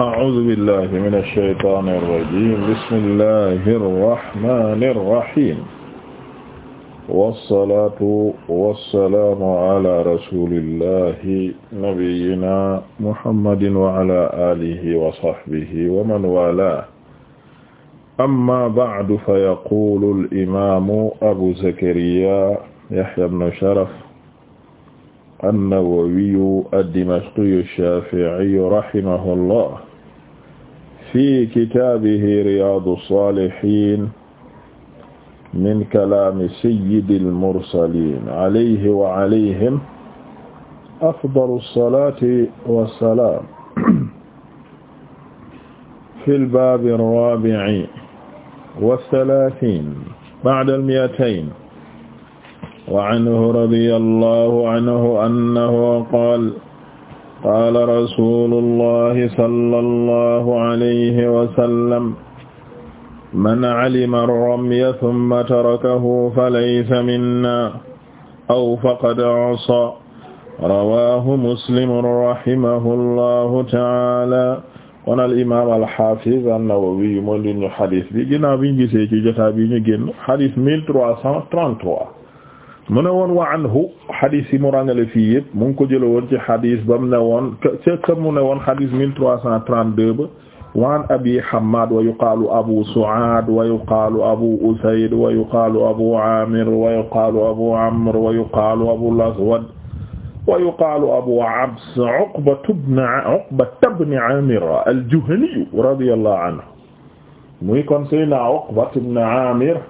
أعوذ بالله من الشيطان الرجيم بسم الله الرحمن الرحيم والصلاة والسلام على رسول الله نبينا محمد وعلى آله وصحبه ومن والاه أما بعد فيقول الإمام أبو زكريا يحيى بن شرف an-Nawawiyu ad-Dimashqiyu ash-Shafi'iyu rahimahullah fi kitaabihi Riyaadu s-Saalihiin min kalaami sayyidil mursaliin alayhi wa alayhim afdalu s-salaati wa s-salaam fil baabi r-raabi'i wa th-thalaathiin ba'da l-mi'atayn وعنه رضي الله عنه أنه قال قال رسول الله صلى الله عليه وسلم من علم الرمي ثم تركه فليس منا أو فقد عصى رواه مسلم رحمه الله تعالى kon al imaam al xaafiz an-Nawawi moo leen ñu xadis bi ginnaaw bi ñu gisee ci jotaay bi ñu génn xadis 1333 mu ne woon wa anhu xadis yi mu ràngale fii yëpp mu ngi ko jële woon ci xadis ba mu ne woon ca ca mu ne woon xadis mille trois cent trente-deux ba wa an abi hamad wa yuqaalu abu suaad wa yuqaalu abu usayd wa yuqaalu abu amir wa yuqaalu abu amr wa yuqaalu abu laswad wa yuqaalu abu abs uqbatu bni uqbata bni amir aljuhaniyu radiyallahu anhu muy kon seyna uqbatu bni amir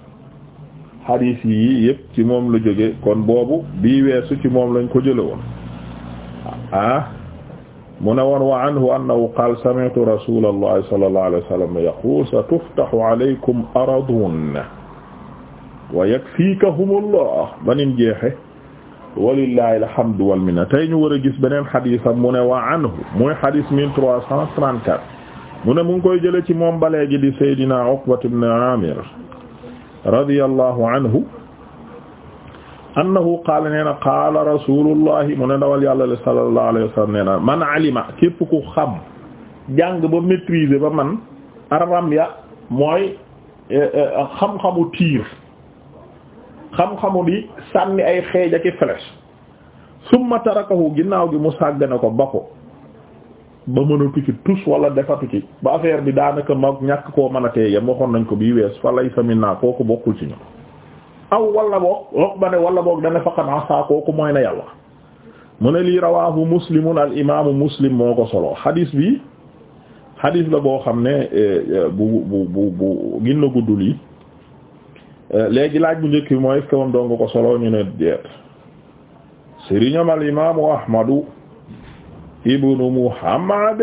hadith yi yëpp ci moom la jóge kon boobu bii weesu ci moom lañ ko jële woon ah mu ne woon wa anhu annahu qaal sami'tu rasulallahi sallallahu alayhi wa sallam yaqul sa tuftahu alaykum aradun wa yakfikahumullah banim jeexe walillahi alhamdu wal minna tey ñu war a gis beneen xadisam mu ne wa anhu muy xadis mille trois cent trente-quatre mu ne mu ngi koy jële ci moom ba léegi di saydina Uqbat ibn Amir radiyallahu anhu annahu qaala nee na qaala rasulullahi mu ne ndawal yàlla le sallallahu alayhi wa sallam nee na man alima képp ku xam jàng ba maîtriser ba man arram ya mooy eh, eh, xam-xamu tiir xam-xamu di sànni ay xeej ak i flèche summa tarakahu ginnaaw gi mu sàggane ko ba ko ba mënatu ci tus wala defatu ci ba affaire bi daanaka mag ñàkk koo mën a teeyam waxoon nañ ko bii wees fa lay samin naa kooku bokkul ci ñu aw wala boog roq ba ne wala boog dana faqat asa kooku mooy na yàlla mu ne lii rawaahu muslimun al imaamu muslim moo ko solo hadis bi hadis la boo xam ne eh, eh, bu bu bu bu gudd lii eh, léegi laaj bu njëkk bi mooy est-ce que ko solo ñu ne deet sëriñam al imaamu ahmadu ibnu Muhammad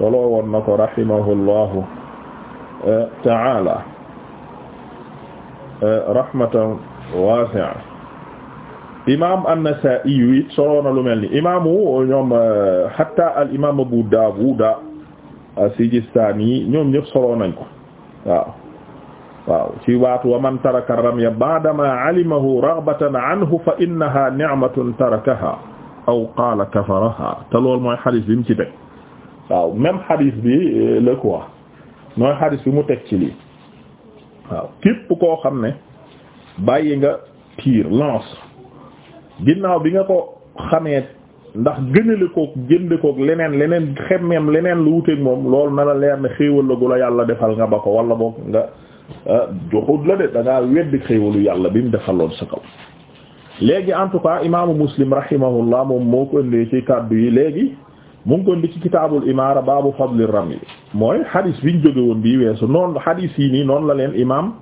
solo woon na ko rahimahullahu eh, ta'ala eh, rahmatan wasi'a imam an-Nasa'i it solo na lu mel ni imamu ñoom eh, hatta al imam Abu Dawuda as-Sijistani ñoom ñëpp solo nañ ko waaw waaw ci waatu wa man taraka ramya ba'dama alimahu raghbatan anhu fa innaha ni'matun tarakaha aw qaala kafaraha te loolu mooy xadis bi mu ci teg waaw même xadis bi euh, la quoi mooy xadis bi mu teg ci lii waaw képp koo xam ne bàyyi nga tir lance ginnaaw bi nga ko xamee ndax gënale koog jënd koog leneen leneen xemmeem leneen lu wuteeg moom loolu na la leer ne xéewal la gu la yàlla defal nga ba ko wala book nga euh, joxut la de da ngaa xéewalu yàlla bi mu defal lool sa kaw léegi en tout cas imaamu muslim rahimahullah moom moo ko ëndee kàddu yi léegi mu ngi ko ëndi ci kitaabul imaara baabu fadli rami mooy hadis biñ jóge woon bii weesu noonu hadis yi nii noon la leen imaam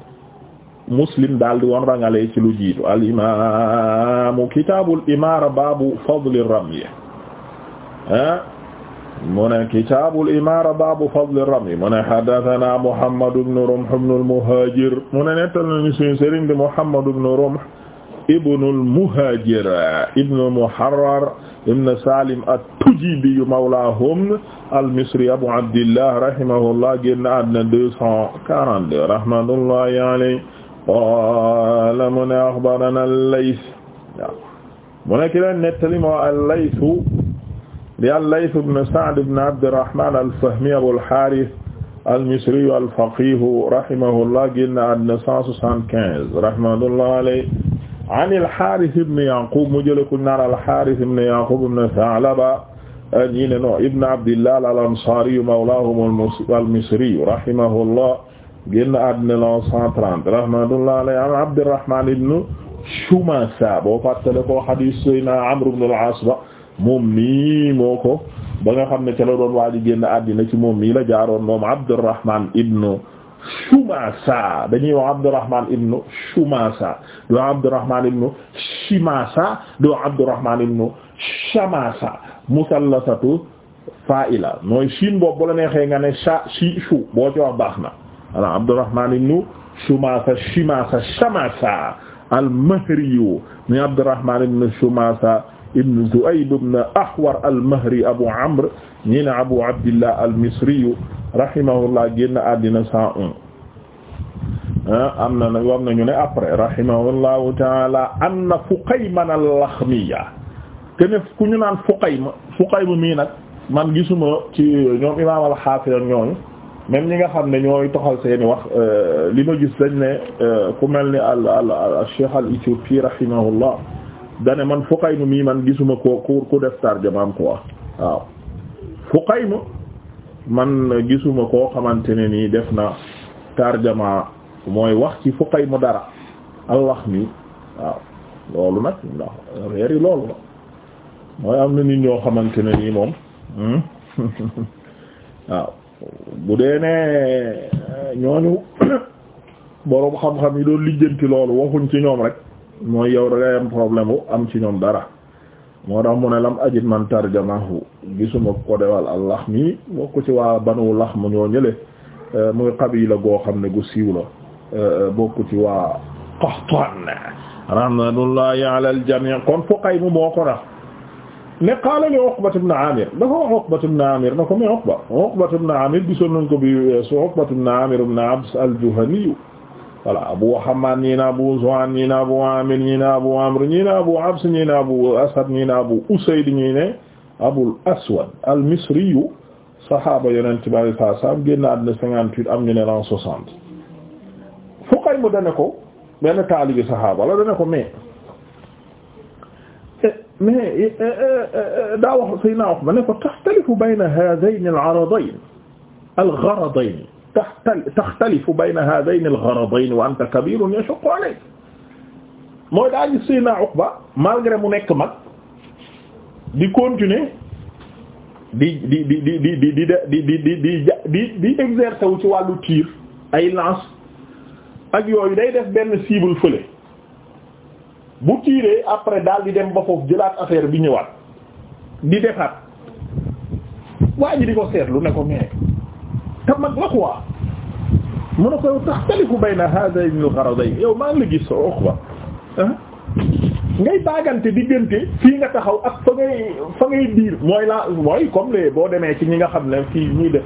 muslim daal di woon rangalee ci lu jiitu al imaamu kitaabul imaara baabu fadli rami ah mu ne kitaabul imaara baabu fadli rami mu ne haddasanaa Muhammad ibn Rumh ibn al-Muhaajir mu ne nettal na ni Muhammad ibn Rumh ibnu al-Muhaajir ibnu Muharrar ibnu Salim at-Tujibi mawlaahum al-Misri Abu Abdillah rahimahullah génn àddina deux cent quarante-deux rahmatullahi alayhi qaala mu ne axbaranaa al-Layth mu ne ki leen nettali moo al-Layth di al-Layth ibnu Sa'd ibnu Abdirrahmaan al-Fahmi Abul Haarith al-Misri al-faqiih rahimahullah génn àddina cent soixante-quinze rahmatullahi alayhi an al-Haaris ibn Yaqub mu jële ku naar al-Haaris ibn Yaqub ibn Sa'laba ñi ne no ibn Abdillah al-Ansaari mawlaahum al-Misri rahimahullah génn àddina la 130 rahmatullahi alayhi an Abdurrahmaan ibn Shumasa boo fàttale ko hadiis Seydina Amr ibn al-As ba moom nii moo ko ba nga xam ne ca la doon waa ji génn àddina ci moom mii la jaaroon moom Abdurrahmaan ibn Shumasa dañuy wax Abdurrahman ibnu Shumasa doo Abdurrahman ibnu Shimasa doo Abdurrahman ibnu Shamasa musallasatu fa'ila mooy Chine boobu nga ne sha shi shu boo ci wax baax na voilà Abdurrahman ibnu Shumasa Shimasa Shamasa ibnu Shumasa ibn Zu'ayb ibn Ahwar al-Mahri Abu Amr ñi ne Abu Abdillah al-Misri rahimahullah génn àddina 101 ah, am na nag wax nañu ne après rahimahullahu taala anna Fuqayman al-Laxmiya kenn ku ñu naan Fuqayma Fuqayma mii nag man gisuma ci ñoom imaam al-Hafiz ñooñu même ñi nga xam ne ñooy toxal seeni wax euh, li ma gis dañ ne euh, ku mel ni al al al Cheikh al-Éthiopie rahimahullah dane man Fuqaym mii man gisuma ko ku ku def tarjamaam quoi waaw Fuqaym man gisuma koo xamante ne nii def na tarjama mooy wax ci Fuqaym dara al wax nii waaw loolu nag ndax reer yi loolu la mooy am na nit ñoo xamante ne nii moom hmm? waaw bu dee ne eh, ñooñu boroom xam-xam yi doon lijjanti loolu waxuñ ci ñoom rek mooy yow da ngay am ci ñoom dara moo tax mu ne lam ajit man tarjamahu gisuma ko dewal allah mi bokk ci waa banu lax mu ñoo ñële euh, muy qabila goo xam ne gu siiw la euh, bokk ci waa Qahtan rahmatullahi ala al-jami' kon Fuqaym moo ko rax ne qaala li Uqbat ibn Amir dafa na ko mais Uqba Uqbat ibn Amir gisoon nañ ko bi su Uqbat Amir ibn Abs al voilà abu hamad ñi na abu zuhan ñi na abu amir ñi na abu amr ñi na abu abs ñi na abu asad ñi na abu usayd ñi ne abul aswad al misri yu sahaaba yonent bi alai saat salam génn àddina cinquante-huit am ñu ne l'an soixante fuqay mu dane ko benn taalibi sahaaba la dane ko mais eh, mais eh, eh, daa wax say naa wax ma ne ko taxtalifu bayna haadayn al aradayn al gharadayn taxtalifu bayna haadayni al-gharadayni wa anta kabiirun yashuqqu alayk mooy daa gis Seydina Uqba malgré mu nekk mag di continuer di di di di di di di di di di di di exercer wu ci wàllu tir ay lance ak yooyu day def benn cible fële bu tiiree après daal di dem ba foofu jëlaat affaire bi ñëwaat di defaat waa ji di ko seetlu ne ko mais. te mag la quoi mun na koy taxtalifu bayna hadayni al yow maa ngi la gis sa Uqba ngay baagante diggante fii nga taxaw ak fa ngay fa mooy la mooy comme les boo demee ci ñi nga xam ne fii ñuy def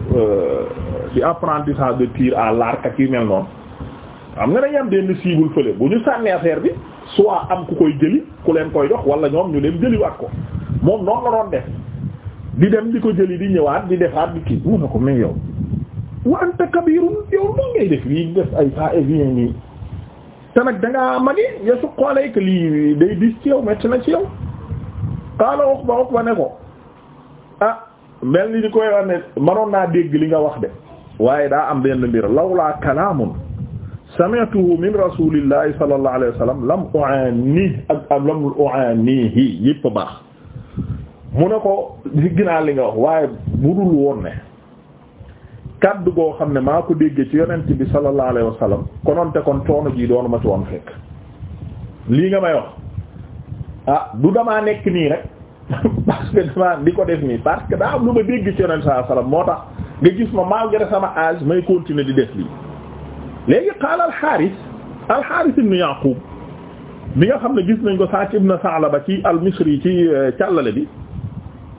ci euh, apprentissage de tir à l'arc ak yu mel noonu am nga dañu am denn cible fële bu ñu sànni bi soit am ku koy jëli ku leen koy jox wala ñoom ñu leen jëliwaat ko moom noonu la doon def di dem di ko jëli di ñëwaat di defaat di kii mun na ko mais yow wa anta kabirun yow lu ngay def lii def ay ça et te nag da ngaa magi yesu xoolee lii day dis ci yow métti ci yow xaala wax ba wax ne ko ah mel ni di koy wax naa dégg li nga wax de waaye daa am benn mbir lawlaa kalaamun sami'tuhu min rasulillahi sallallahu alayhi wa sallam lam u'ani ak lam u'anihi yëpp baax mu ne ko gis naa li nga wax waaye budul woon ne kaddu goo xam ne maa ko déggee ci yonent bi sallallahu alayhi wa sallam kononte kon coono jii doonu ma ci woon fekk lii nga may wax ah du damaa nekk nii rek parce que damaa di ko def nii parce que daa am lu ma dégg ci yonent saa alayhi moo tax nga gis ma malgré sama âge may continuer di def lii léegi qaala alxaaris alxaaris ibnu Yaqub bi nga xam ne gis nañ ko Sa'd ibn Sa'laba ci al-Misri ci euh, càllale bi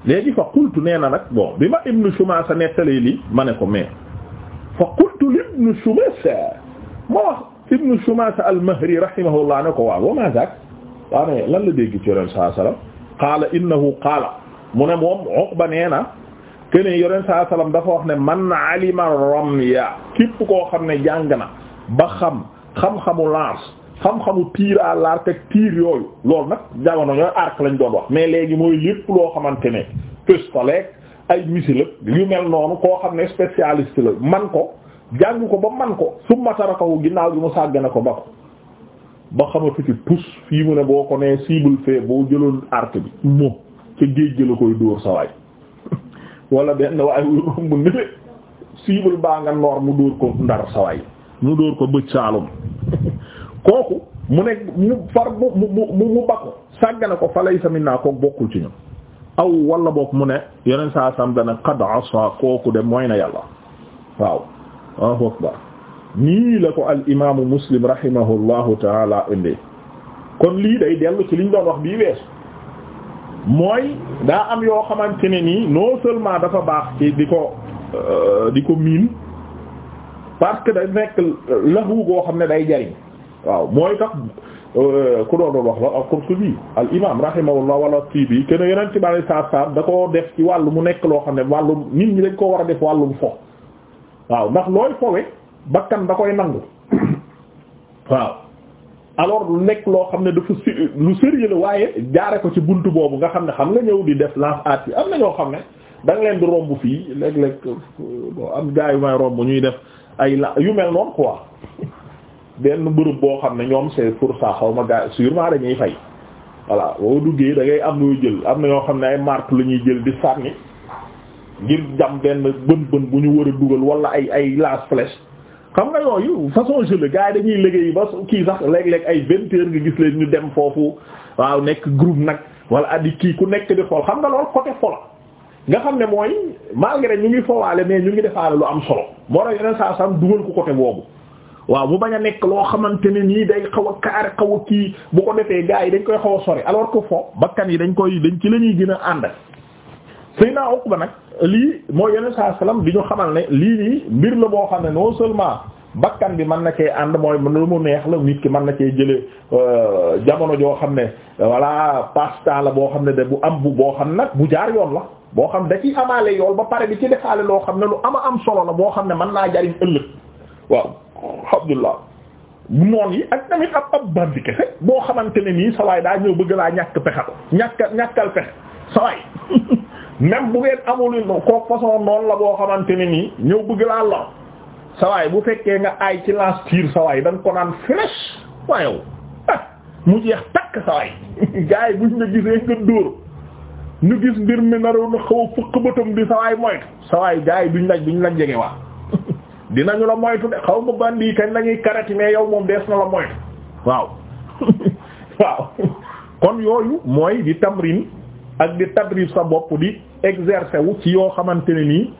léegi fa qultu nee na nag bon bi ma ibnu Shumasa nettalee lii ma ne ko mais fa qultu li ibnu Shumasa ma wax ibnu Shumasa al-Mahri rahimahullah ne ko waaw wa ma zaak waaw ne lan la dégg ci yoneen saa sallam qaala innahu qaala mu ne moom Uqba nee na kene yoneen saa sallam dafa wax ne man alima ramya képp koo xam ne jàng na ba xam xam-xamu lance xam-xamu tir à l'arc ak tir yooyu loolu nag jamono ñooy arc lañ doon wax mais léegi mooy lépp loo xamante ne pistolet ay missile yu mel noonu koo xam ne spécialiste la man ko jàng ko ba man ko summa tarakahu ginnaaw gi mu sàggane ko ba ko ba xamatu ci tus fii mu ne boo ko nee cible fee boo jëloon arc bi moom ca géej gi la koy dóor sa waay wala benn waay wu romb ni le baa nga noor mu dóor ko ndar sa waay mu dóor ko bëj kooku mu ne mu far mu mu mu mu bakku sàggane ko fa laysa minna kooku bokkul ci ñun aw wala boog mu ne yeneen saa sam dana qad asa kooku de mooy na yàlla waaw Allahu akbar nii la ko al imaamu muslim rahimahullahu taala indi kon lii day dellu ci liñ doon wax bii weesu mooy daa am yoo xamante ne nii non seulement dafa baax ci di ko euh, di ko miin parce que day nekk lahu goo xam ne day jariñ waaw mooy tax euh, ku doon wax la al-Qurtubi al imam rahimahullah wala tiibi kenn yeneen ci bari saa saa da koo def ci wàllu mu nekk loo xam ne wàllum nit ñi dañ koo war a def wàllum fo waaw ndax looy fowe bakkan da koy nangu waaw alors lu nekk loo xam ne dafa lu sérieux la waaye jaare ko ci bunt boobu nga xam ne xam nga ñëw di def lance at yi am na ñoo xam ne da nga leen di romb fii léeg-léeg euh, am gaa yu may romb ñuy def ay la yu mel noonu quoi. benn bërëb boo xam ne ñoom c'est pour saa xaw ma gaa sûrement dañuy fay voilà boo duggee da ngay am looy jël am na ñoo xam ne ay marque la ñuy jël di sànni ngir jam benn bën bën bu ñu war a dugal wala ay ay lance flèche xam nga yooyu façon jële gars yi dañuy liggéey ba kii sax léeg-léeg ay vingt heures nga gis leen ñu dem foofu waaw nekk group nag wala addi kii ku nekk di xool xam nga lool côté fola nga xam ne mooy malgré ñu ngi foowaale mais ñu ngi defaale lu am solo moo tax yeneen saa sam dugal ko côté boobu waaw mu bañ a nekk loo xamante ne nii day xaw a kaar xaw kii bu ko defee gars yi dañ koy xaw a sori alors que fo bakkan yi dañ koy dañ ci la ñuy gën a ànd. Sayna Uqba nag lii moo yeneen saa salaam di ñu xamal ne lii nii mbir la boo xam ne non seulement bakkan bi man na cee ànd mooy lu mu neex la nit ki man na cee jëlee euh, jamono joo xam ne voilà pasta la boo xam ne da bu am bu boo xam nag bu jaar yoon la. boo xam da ciy amaale yool ba pare bi ci defaale loo xam ne lu ama am solo la boo xam ne mën naa jariñ ëllëg alhamdulilah noon yi ak tamit boo xamante ne nii sawaay daa ñëw bëgg laa ñàkk pexal ñàkka ñàkkal pexe sawaay même bu koo façon ne nii ñëw bëgg laa lor bu fekkee nga aay ci lance tiir sawaay da nga ko naan flèche waayow ah mu jeex takk sawaay gars yi buñ nga gisee nga dóor ñu gis mbir mi naroon na xaw a fëq bëtam sawaay moytu sawaay gars yi duñ la duñ la jege waa dinañu la moytu de xaw ma bandi na ñuy karati mais yow moom dees na la moytu waaw waaw kon yooyu mooy di tamrin ak di tadrib sa bopp di exercer wu ci yoo xamante ne nii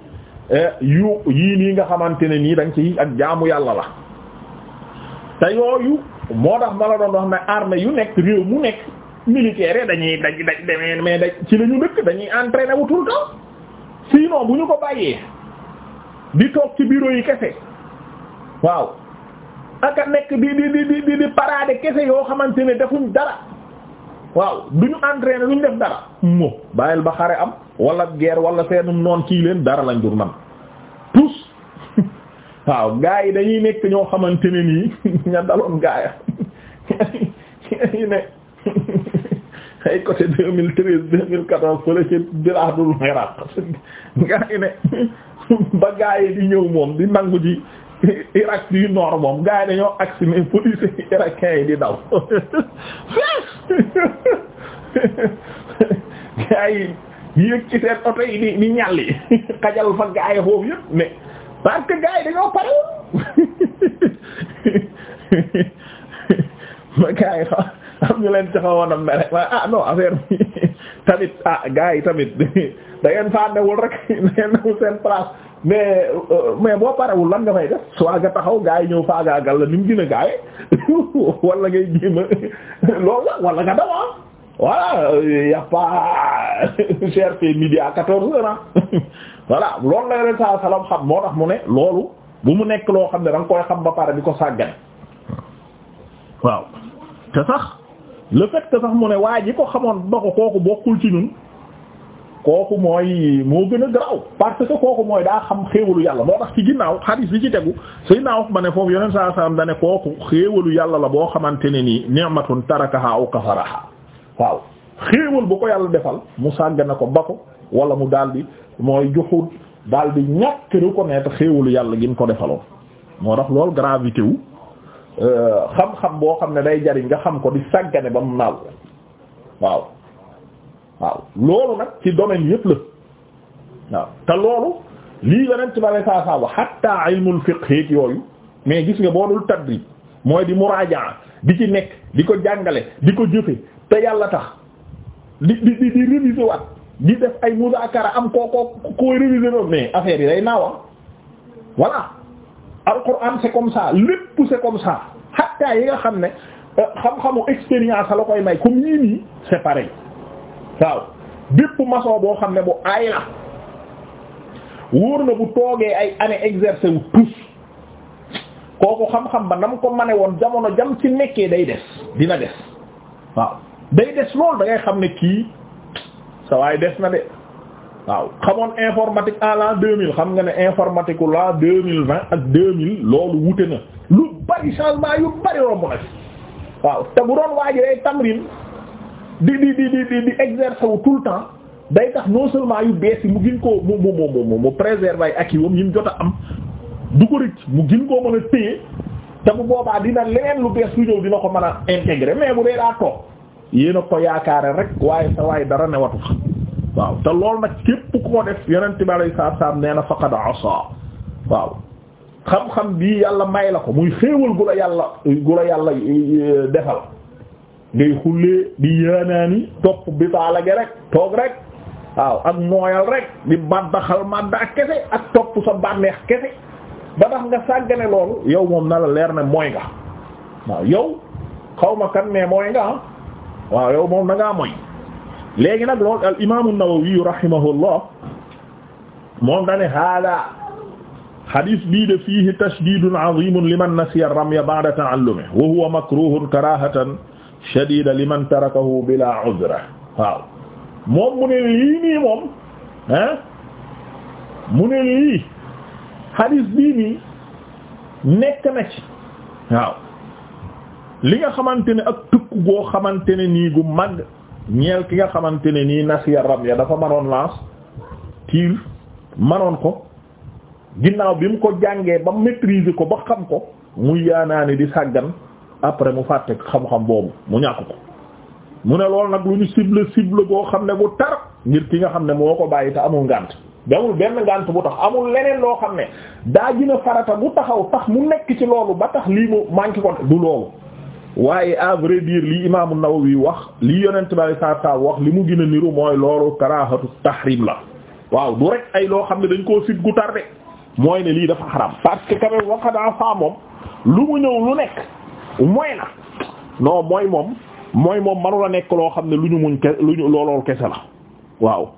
eh, yu yii nii nga xamante ne nii dañ ci ak jaamu yàlla la te yooyu moo tax ma la doon wax ne armée yu nekk réew mu nekk militaire dañuy dañ dañ mais dañ ci la ñu dëkk dañuy entraîner wu tout le bu ñu ko bàyyee di toog ci bureau yi kese waaw aka nekk di di di di di parade kese yoo xamante ne defuñ dara waaw duñu entraîner duñu def dara mo bàyyil ba xare am wala guerre wala seenum noon kii leen dara lañ dur man tous waaw gaa yi dañuy nekk ñoo xamante ne nii ña daloon gaaya yi ne ay côté deux mille treize deux mille quatorze fële ci bilaadul Iraq gaa ne ba gaa yi di ñëw moom di nangu ji Irak du nord moom gaa yi dañoo agsi mais di daw gaa yi ci seen oto yi di di ñàlli xajal fa gaa yi foofu yëpp mais parce que gaa yi dañoo pare ma gaa yi xam am mere ah non affaire bi tamit ah gars yi tamit da ngeen faa newul rek ngeen newul seen place mais euh, mais boo parewul lan nga fay def soit nga taxaw gars yi ñëw faagaagal la ni mu gën a gaawe wala ngay jéem a loolu la wala nga dawa ah. voilà euh, y'a pas cherché midi quatorze heures ah. voilà loolu la yore saa salaam xam moo tax mu ne loolu bu mu nekk loo xam ne da nga koy xam ba pare di ko sàggane waaw te sax le fait que sax mu ne waa ji ko xamoon ba ko kooku bokkul ci ñun kooku mooy moo gën a garaaw parce que kooku mooy daa xam xéewalu yàlla moo tax ci ginnaaw xadiis bi ci tegu say naaw ma ne foofu yoneen saa salaam ne kooku xéewalu yàlla la boo xamante ne nii ni'matun tarakaha aw kafaraha waaw xéewal bu ko yàlla defal mu sàgg na ko ba ko wala mu daal di mooy juxut daal di ñàkk reconnaître xéewalu yàlla gi mu ko defaloon moo tax loolu gravité wu. xam-xam boo xam ne day jariñ nga xam ko di sàggane ba mu naaw waaw waaw loolu nag ci domaine yépp la waaw te loolu lii yonent ba saa saa a hatta ilmul fiqh yooyu mais gis nga boo dul tadrib mooy di muraajaa di ci nekk di ko jàngale di ko jëfe te yàlla tax di di di réviser waat di def ay muzaakara am koo koo koy réviser mais affaire yi day naawa ah. voilà alquran c'est comme ça lépp c'est comme ça yi nga xam ne euh, xam-xamu expérience la koy may comme ñii nii c'est pareil waaw bépp maçon boo xam ne bu aay la wóor na bu toogee ay année exercer wu tous kooku xam-xam ba nam ko mane woon jamono jam ci nekkee day des dina des waaw day des loolu da xam ne kii sa waay des na de. waaw xamoon informatique à la deux mil xam nga ne informatique u l'an deux mille vingt ak deux mille loolu wute na lu bari changement yu bari romb na ci waaw te bu doon waaji day tamrin di di di di exercer tout le temps day tax non seulement yu bees yi mu gin ko mu mu mu mu mu préserver ak yi yi mu jot a am du ko rëcc mu gën koo mën a téye te bu boobaa dina leneen lu bees lu ñëw dina ko mën a intégrer mais bu dee daa toog yéen a ko yaakaare rek waaye sa dara newatu waaw te loolu nag képp koo def yonent bi alayhi salaatu salaam nee na faqad asa waaw xam-xam bii yàlla may la ko muy xéewal gu la yàlla gu la yàlla e, e, defal ngay xullee di yaanaani topp bi baala rek toog rek waaw ak nooyal rek di baddaxal madda ak kese ak topp sa bànneex kese ba tax nga loolu yow moom na la leer ne mooy nga waaw yow xaw ma kan mais ah. waaw yow moom na ngaa léegi nag loolu al imaamu Nawawi rahimahullah moom dane hada hadis bii de fiihi tashdidun azimun liman nasiya ramya ba'da ta'allumi wa huwa makruhun karahatan shadida liman tarakahu bila udra waaw moom mu ne lii nii moom ah mu ne lii hadis bii nii nekk na ci waaw li nga xamante ne ak tëkk goo xamante ne nii gu mag ñeel ki nga xamante ne nii nasiya ram ya dafa manoon lance tir manoon ko ginnaaw bi mu ko jàngee ba maîtriser ko ba xam ko muy yaanaa ni di sàggan après mu fàtte xam-xam boobu mu ñàkk ko mu ne loolu nag lu ñu cible cible boo xam ne bu tar ngir ki nga xam ne moo ko bàyyi te amul ngànt amul benn ngànt bu tax amul leneen loo xam ne daa gën a farata bu taxaw tax mu nekk ci loolu ba tax lii mu manqué ko du loolu waaye à vrai lii li imaam an wax li yonent bari saa saa wax li mu gën a niru mooy loolu karaahatu tahrim la waaw du rek ay loo xam ne dañ koo sit gu tarde mooy ne lii dafa xaram parce que quand même waqadaa fa moom lu mu ñëw lu nekk mooy na non mooy moom mooy moom manula nekk loo xam ne lu ñu muñ loolool kese la waaw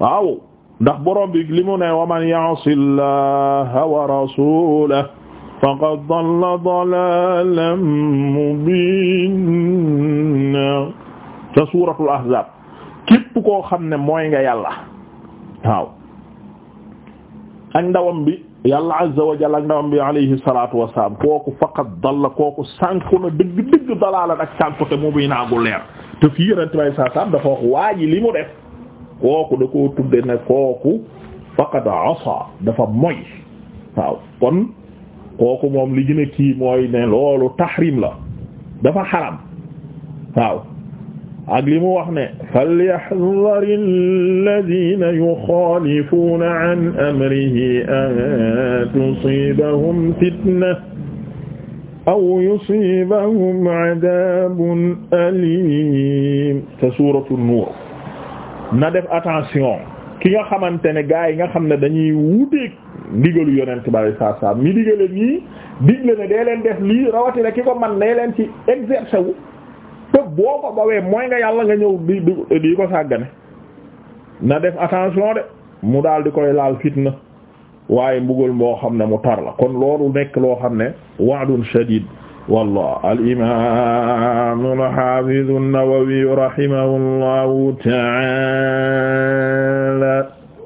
waaw ndax borom bi li mu ne waman ya'sillaha wa rasulahu faqad dalla dalalan mubina ca suuratul ahzab képp koo xam ne mooy nga yàlla waaw ak ndawam bi yàlla azza wa ak ndawam bi alayhi salatu wasalaam kooku faqad dalla kooku sànku na dëgg dëgg dalaalan ak sànku te mubina gu leer te fii yonent bay dafa wax waa li mu def kooku da koo tudde ne kooku faqad asa dafa moy waaw kon kooku moom li gën a kii mooy ne loolu tahrim la dafa xaram waaw ak li mu wax ne falyahdhar alladhina yukhalifuna an amrihi an tusibahum fitna aw yusibahum adabun alim te suuratu nuur na def attention ki nga xamante ne gaa yi nga xam ne dañuy wuteeg ndigalu yonent bari saa saa mi digale nii digle ne dee leen def lii rawatina ki ko man dee leen ci exercer wu te boo ko bawee mooy nga yàlla nga ñëw di ko sàggane na def attention de mu daal di koy laal fitna waaye mbugal moo xam ne mu tar la kon loolu nekk loo xam ne wa'dun shadid wallah al imam al hafiz an-Nawawi rahimahullahu